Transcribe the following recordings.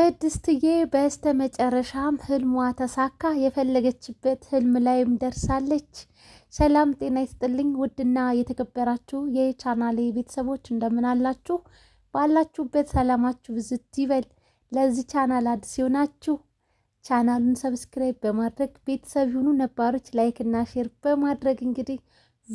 ቅድስትዬ በስተመጨረሻም ህልሟ ተሳካ። የፈለገችበት ህልም ላይም ደርሳለች። ሰላም ጤና ይስጥልኝ። ውድና የተከበራችሁ የቻናሌ ቤተሰቦች እንደምን አላችሁ? ባላችሁበት ሰላማችሁ ብዝት ይበል። ለዚህ ቻናል አዲስ የሆናችሁ ቻናሉን ሰብስክራይብ በማድረግ ቤተሰብ ይሁኑ። ነባሮች ላይክ እና ሼር በማድረግ እንግዲህ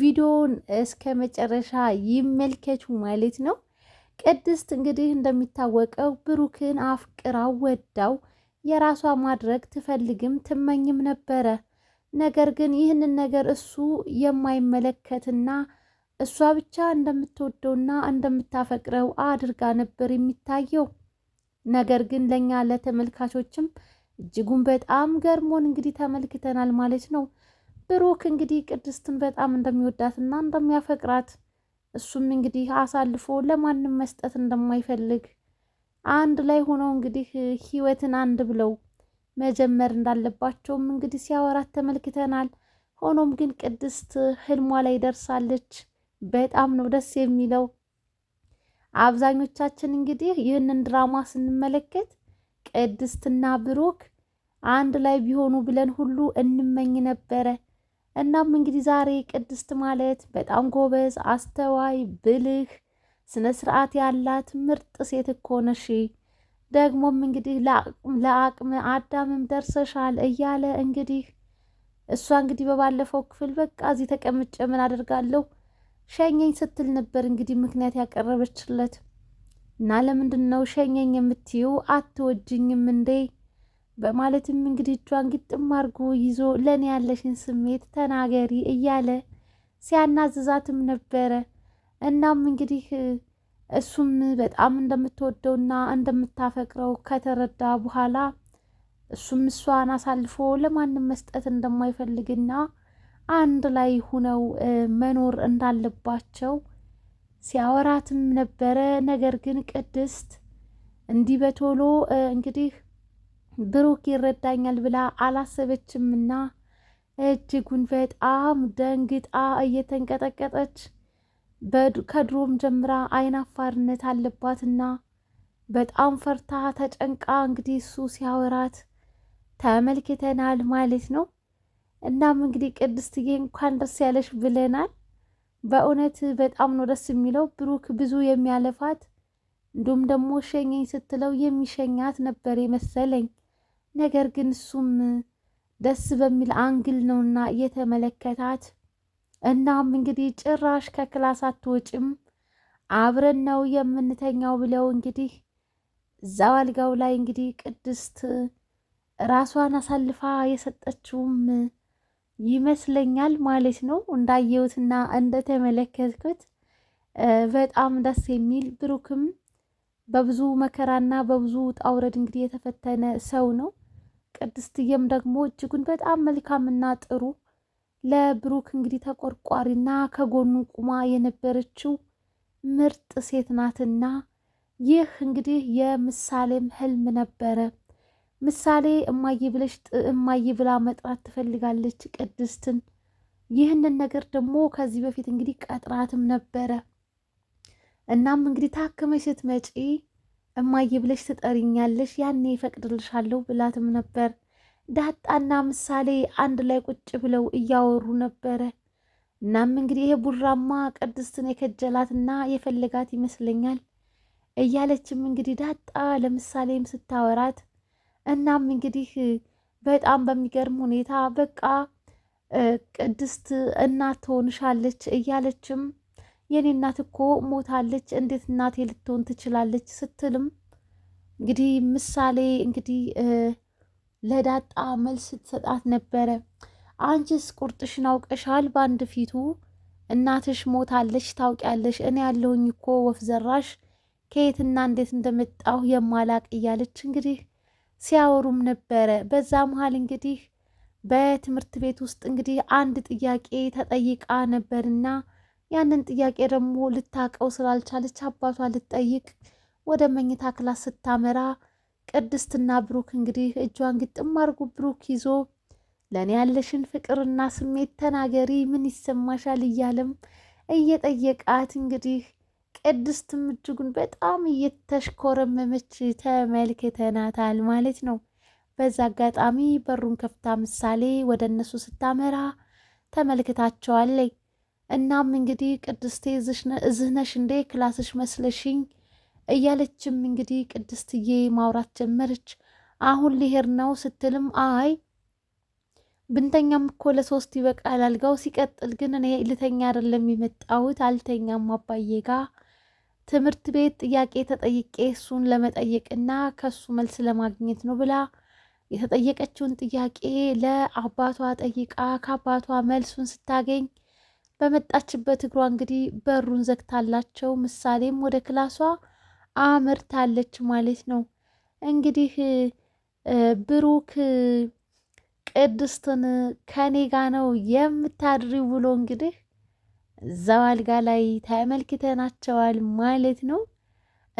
ቪዲዮውን እስከ መጨረሻ ይመልከቱ ማለት ነው። ቅድስት እንግዲህ እንደሚታወቀው ብሩክን አፍቅራው ወዳው የራሷ ማድረግ ትፈልግም ትመኝም ነበረ። ነገር ግን ይህንን ነገር እሱ የማይመለከትና እሷ ብቻ እንደምትወደውና እንደምታፈቅረው አድርጋ ነበር የሚታየው። ነገር ግን ለእኛ ለተመልካቾችም እጅጉን በጣም ገርሞን እንግዲህ ተመልክተናል ማለት ነው። ብሩክ እንግዲህ ቅድስትን በጣም እንደሚወዳትና እንደሚያፈቅራት እሱም እንግዲህ አሳልፎ ለማንም መስጠት እንደማይፈልግ አንድ ላይ ሆኖ እንግዲህ ህይወትን አንድ ብለው መጀመር እንዳለባቸውም እንግዲህ ሲያወራት ተመልክተናል። ሆኖም ግን ቅድስት ህልሟ ላይ ደርሳለች። በጣም ነው ደስ የሚለው። አብዛኞቻችን እንግዲህ ይህንን ድራማ ስንመለከት ቅድስትና ብሩክ አንድ ላይ ቢሆኑ ብለን ሁሉ እንመኝ ነበረ። እናም እንግዲህ ዛሬ ቅድስት ማለት በጣም ጎበዝ፣ አስተዋይ፣ ብልህ፣ ስነ ስርዓት ያላት ምርጥ ሴት እኮ ነሽ። ደግሞም እንግዲህ ለአቅመ አዳምም ደርሰሻል እያለ እንግዲህ እሷ እንግዲህ በባለፈው ክፍል በቃ እዚህ ተቀምጨ ምን አደርጋለሁ ሸኘኝ ስትል ነበር እንግዲህ ምክንያት ያቀረበችለት እና ለምንድን ነው ሸኘኝ የምትዩ አትወጅኝም እንዴ? በማለትም እንግዲህ እጇን ግጥም አርጎ ይዞ ለእኔ ያለሽን ስሜት ተናገሪ እያለ ሲያናዝዛትም ነበረ። እናም እንግዲህ እሱም በጣም እንደምትወደውና እንደምታፈቅረው ከተረዳ በኋላ እሱም እሷን አሳልፎ ለማንም መስጠት እንደማይፈልግና አንድ ላይ ሁነው መኖር እንዳለባቸው ሲያወራትም ነበረ። ነገር ግን ቅድስት እንዲህ በቶሎ እንግዲህ ብሩክ ይረዳኛል ብላ አላሰበችምና እጅጉን በጣም ደንግጣ እየተንቀጠቀጠች ከድሮም ጀምራ አይናፋርነት አለባትና በጣም ፈርታ ተጨንቃ እንግዲህ እሱ ሲያወራት ተመልክተናል ማለት ነው። እናም እንግዲህ ቅድስትዬ እንኳን ደስ ያለሽ ብለናል። በእውነት በጣም ነው ደስ የሚለው። ብሩክ ብዙ የሚያለፋት እንዲሁም ደግሞ ሸኘኝ ስትለው የሚሸኛት ነበር የመሰለኝ። ነገር ግን እሱም ደስ በሚል አንግል ነውና እየተመለከታት እናም እንግዲህ ጭራሽ ከክላስ አትወጭም አብረን ነው የምንተኛው ብለው እንግዲህ እዛው አልጋው ላይ እንግዲህ ቅድስት ራሷን አሳልፋ የሰጠችውም ይመስለኛል ማለት ነው እንዳየሁትና እንደተመለከትኩት በጣም ደስ የሚል ብሩክም በብዙ መከራና በብዙ ውጣ ውረድ እንግዲህ የተፈተነ ሰው ነው። ቅድስትዬም ደግሞ እጅጉን በጣም መልካምና ጥሩ ለብሩክ እንግዲህ ተቆርቋሪና ከጎኑ ቁማ የነበረችው ምርጥ ሴት ናትና ይህ እንግዲህ የምሳሌም ህልም ነበረ። ምሳሌ እማዬ ብለሽ እማዬ ብላ መጥራት ትፈልጋለች ቅድስትን። ይህንን ነገር ደግሞ ከዚህ በፊት እንግዲህ ቀጥራትም ነበረ። እናም እንግዲህ ታክመሽ ስትመጪ እማዬ ብለሽ ትጠሪኛለሽ ያኔ ይፈቅድልሻለሁ ብላትም ነበር። ዳጣና ምሳሌ አንድ ላይ ቁጭ ብለው እያወሩ ነበረ። እናም እንግዲህ ይሄ ቡራማ ቅድስትን የከጀላትና የፈለጋት ይመስለኛል እያለችም እንግዲህ ዳጣ ለምሳሌም ስታወራት እናም እንግዲህ በጣም በሚገርም ሁኔታ በቃ ቅድስት እናት ትሆንሻለች እያለችም የኔ እናት እኮ ሞታለች፣ እንዴት እናቴ ልትሆን ትችላለች? ስትልም እንግዲህ ምሳሌ እንግዲህ ለዳጣ መልስ ትሰጣት ነበረ። አንቺስ ቁርጥሽን አውቀሻል፣ በአንድ ፊቱ እናትሽ ሞታለች ታውቂያለሽ፣ እኔ ያለውኝ እኮ ወፍ ዘራሽ ከየትና እንዴት እንደመጣሁ የማላቅ እያለች እንግዲህ ሲያወሩም ነበረ። በዛ መሀል እንግዲህ በትምህርት ቤት ውስጥ እንግዲህ አንድ ጥያቄ ተጠይቃ ነበርና ያንን ጥያቄ ደግሞ ልታቀው ስላልቻለች አባቷ ልጠይቅ ወደ መኝታ ክላስ ስታመራ ቅድስትና ብሩክ እንግዲህ እጇን ግጥም አርጉ ብሩክ ይዞ ለእኔ ያለሽን ፍቅርና ስሜት ተናገሪ፣ ምን ይሰማሻል እያለም እየጠየቃት እንግዲህ ቅድስትም እጅጉን በጣም እየተሽኮረመመች ተመልክተናታል ማለት ነው። በዛ አጋጣሚ በሩን ከፍታ ምሳሌ ወደ እነሱ ስታመራ ተመልክታቸዋለች። እናም እንግዲህ ቅድስቴ እዚህ ነሽ እንዴ ክላስሽ መስለሽኝ እያለችም እንግዲህ ቅድስትዬ ማውራት ጀመረች። አሁን ሊሄድ ነው ስትልም አይ ብንተኛም እኮ ለሶስት ይበቃል አልጋው። ሲቀጥል ግን እኔ ልተኛ አይደለም የመጣሁት አልተኛም አባዬ ጋ ትምህርት ቤት ጥያቄ ተጠይቄ እሱን ለመጠየቅና ከሱ መልስ ለማግኘት ነው ብላ የተጠየቀችውን ጥያቄ ለአባቷ ጠይቃ ከአባቷ መልሱን ስታገኝ በመጣችበት እግሯ እንግዲህ በሩን ዘግታላቸው ምሳሌም ወደ ክላሷ አምርታለች ማለት ነው። እንግዲህ ብሩክ ቅድስትን ከኔ ጋ ነው የምታድሪ ብሎ እንግዲህ እዛው አልጋ ላይ ተመልክተናቸዋል ማለት ነው።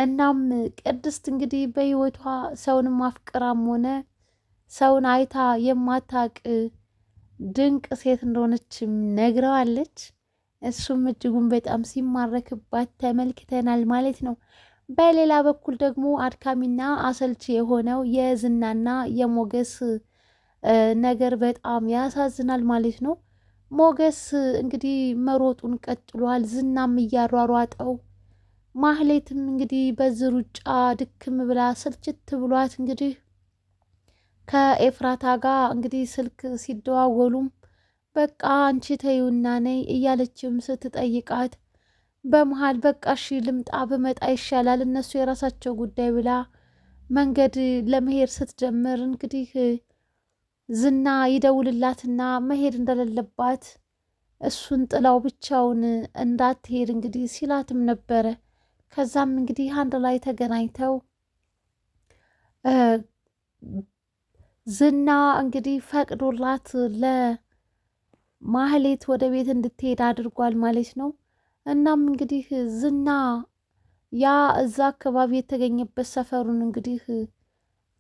እናም ቅድስት እንግዲህ በህይወቷ ሰውን ማፍቅራም ሆነ ሰውን አይታ የማታቅ ድንቅ ሴት እንደሆነች ነግረዋለች። እሱም እጅጉን በጣም ሲማረክባት ተመልክተናል ማለት ነው። በሌላ በኩል ደግሞ አድካሚና አሰልቺ የሆነው የዝናና የሞገስ ነገር በጣም ያሳዝናል ማለት ነው። ሞገስ እንግዲህ መሮጡን ቀጥሏል። ዝናም እያሯሯጠው ማህሌትም እንግዲህ በዚህ ሩጫ ድክም ብላ ስልችት ብሏት እንግዲህ ከኤፍራታ ጋር እንግዲህ ስልክ ሲደዋወሉም በቃ አንቺ ተይውና ነይ እያለችም ስትጠይቃት በመሀል በቃ እሺ ልምጣ ብመጣ ይሻላል እነሱ የራሳቸው ጉዳይ ብላ መንገድ ለመሄድ ስትጀምር እንግዲህ ዝና ይደውልላትና መሄድ እንደሌለባት እሱን ጥላው ብቻውን እንዳትሄድ እንግዲህ ሲላትም ነበረ። ከዛም እንግዲህ አንድ ላይ ተገናኝተው ዝና እንግዲህ ፈቅዶላት ለማህሌት ወደ ቤት እንድትሄድ አድርጓል ማለት ነው። እናም እንግዲህ ዝና ያ እዛ አካባቢ የተገኘበት ሰፈሩን እንግዲህ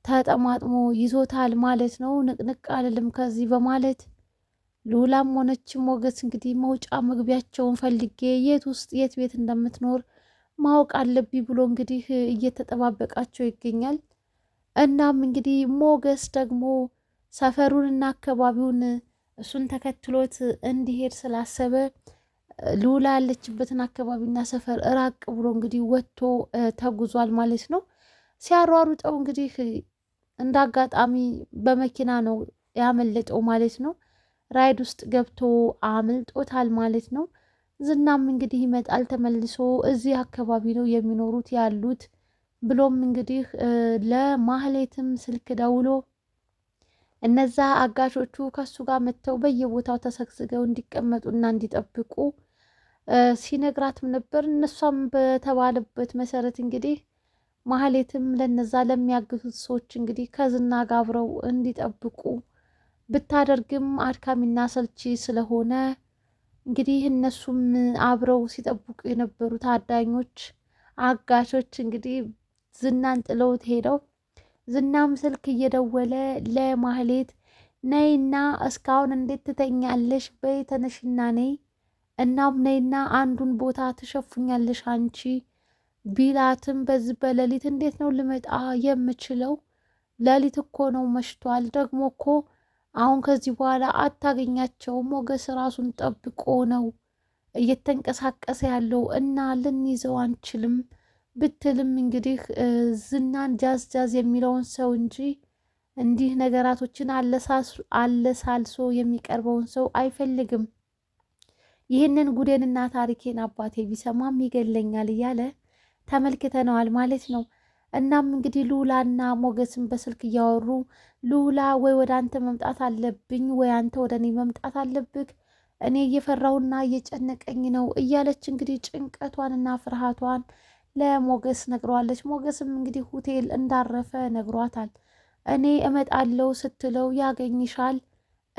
ተጠማጥሞ ይዞታል ማለት ነው። ንቅንቅ አልልም ከዚህ በማለት ሉላም ሆነች ሞገስ እንግዲህ መውጫ መግቢያቸውን ፈልጌ የት ውስጥ የት ቤት እንደምትኖር ማወቅ አለብኝ ብሎ እንግዲህ እየተጠባበቃቸው ይገኛል። እናም እንግዲህ ሞገስ ደግሞ ሰፈሩንና አካባቢውን እሱን ተከትሎት እንዲሄድ ስላሰበ ልውላ ያለችበትን አካባቢና ሰፈር ራቅ ብሎ እንግዲህ ወጥቶ ተጉዟል ማለት ነው። ሲያሯሩጠው እንግዲህ እንደ አጋጣሚ በመኪና ነው ያመለጠው ማለት ነው። ራይድ ውስጥ ገብቶ አምልጦታል ማለት ነው። ዝናም እንግዲህ ይመጣል ተመልሶ። እዚህ አካባቢ ነው የሚኖሩት ያሉት ብሎም እንግዲህ ለማህሌትም ስልክ ደውሎ እነዛ አጋሾቹ ከሱ ጋር መጥተው በየቦታው ተሰግስገው እንዲቀመጡና እንዲጠብቁ ሲነግራትም ነበር። እነሷም በተባለበት መሰረት እንግዲህ ማህሌትም ለነዛ ለሚያግዙት ሰዎች እንግዲህ ከዝና ጋር አብረው እንዲጠብቁ ብታደርግም አድካሚና ሰልቺ ስለሆነ እንግዲህ እነሱም አብረው ሲጠብቁ የነበሩት አዳኞች አጋሾች እንግዲህ ዝናን ጥለውት ሄደው ዝናም ስልክ እየደወለ ለማህሌት ነይና እስካሁን እንዴት ትተኛለሽ? በይ ተነሽና ነይ፣ እናም ነይና አንዱን ቦታ ትሸፉኛለሽ አንቺ ቢላትም በዚህ በሌሊት እንዴት ነው ልመጣ የምችለው? ሌሊት እኮ ነው መሽቷል። ደግሞ እኮ አሁን ከዚህ በኋላ አታገኛቸውም። ሞገስ ራሱን ጠብቆ ነው እየተንቀሳቀሰ ያለው እና ልንይዘው አንችልም ብትልም እንግዲህ ዝናን ጃዝ ጃዝ የሚለውን ሰው እንጂ እንዲህ ነገራቶችን አለሳልሶ የሚቀርበውን ሰው አይፈልግም። ይህንን ጉዴንና ታሪኬን አባቴ ቢሰማም ይገለኛል እያለ ተመልክተነዋል ማለት ነው። እናም እንግዲህ ሉላና ሞገስን በስልክ እያወሩ ሉላ ወይ ወደ አንተ መምጣት አለብኝ ወይ አንተ ወደ እኔ መምጣት አለብህ፣ እኔ እየፈራውና እየጨነቀኝ ነው እያለች እንግዲህ ጭንቀቷንና ፍርሃቷን ለሞገስ ነግረዋለች። ሞገስም እንግዲህ ሆቴል እንዳረፈ ነግሯታል። እኔ እመጣለው ስትለው ያገኝሻል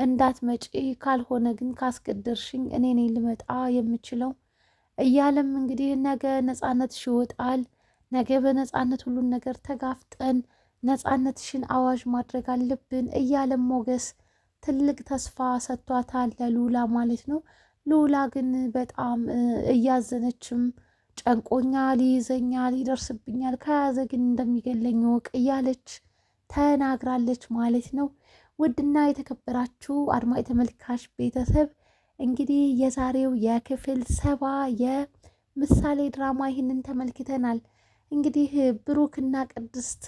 እንዳትመጪ ካልሆነ ግን ካስገደርሽኝ እኔ ነኝ ልመጣ የምችለው እያለም እንግዲህ ነገ ነጻነት ይወጣል። ነገ በነጻነት ሁሉን ነገር ተጋፍጠን ነጻነትሽን አዋጅ ማድረግ አለብን እያለም ሞገስ ትልቅ ተስፋ ሰጥቷታል ለሉላ ማለት ነው። ሉላ ግን በጣም እያዘነችም ጨንቆኛል፣ ይይዘኛል፣ ይደርስብኛል፣ ከያዘ ግን እንደሚገለኝ ወቅ እያለች ተናግራለች ማለት ነው። ውድና የተከበራችሁ አድማጭ ተመልካች ቤተሰብ እንግዲህ የዛሬው የክፍል ሰባ የምሳሌ ድራማ ይህንን ተመልክተናል። እንግዲህ ብሩክና ቅድስት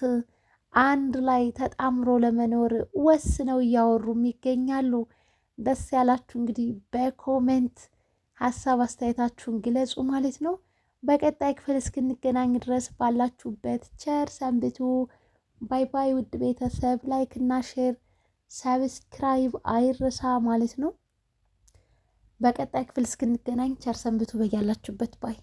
አንድ ላይ ተጣምሮ ለመኖር ወስነው እያወሩም ይገኛሉ። ደስ ያላችሁ እንግዲህ በኮሜንት ሀሳብ አስተያየታችሁን ግለጹ ማለት ነው። በቀጣይ ክፍል እስክንገናኝ ድረስ ባላችሁበት ቸር ሰንብቱ። ባይ ባይ። ውድ ቤተሰብ ላይክ እና ሼር ሰብስክራይብ አይረሳ ማለት ነው። በቀጣይ ክፍል እስክንገናኝ ቸር ሰንብቱ። በያላችሁበት ባይ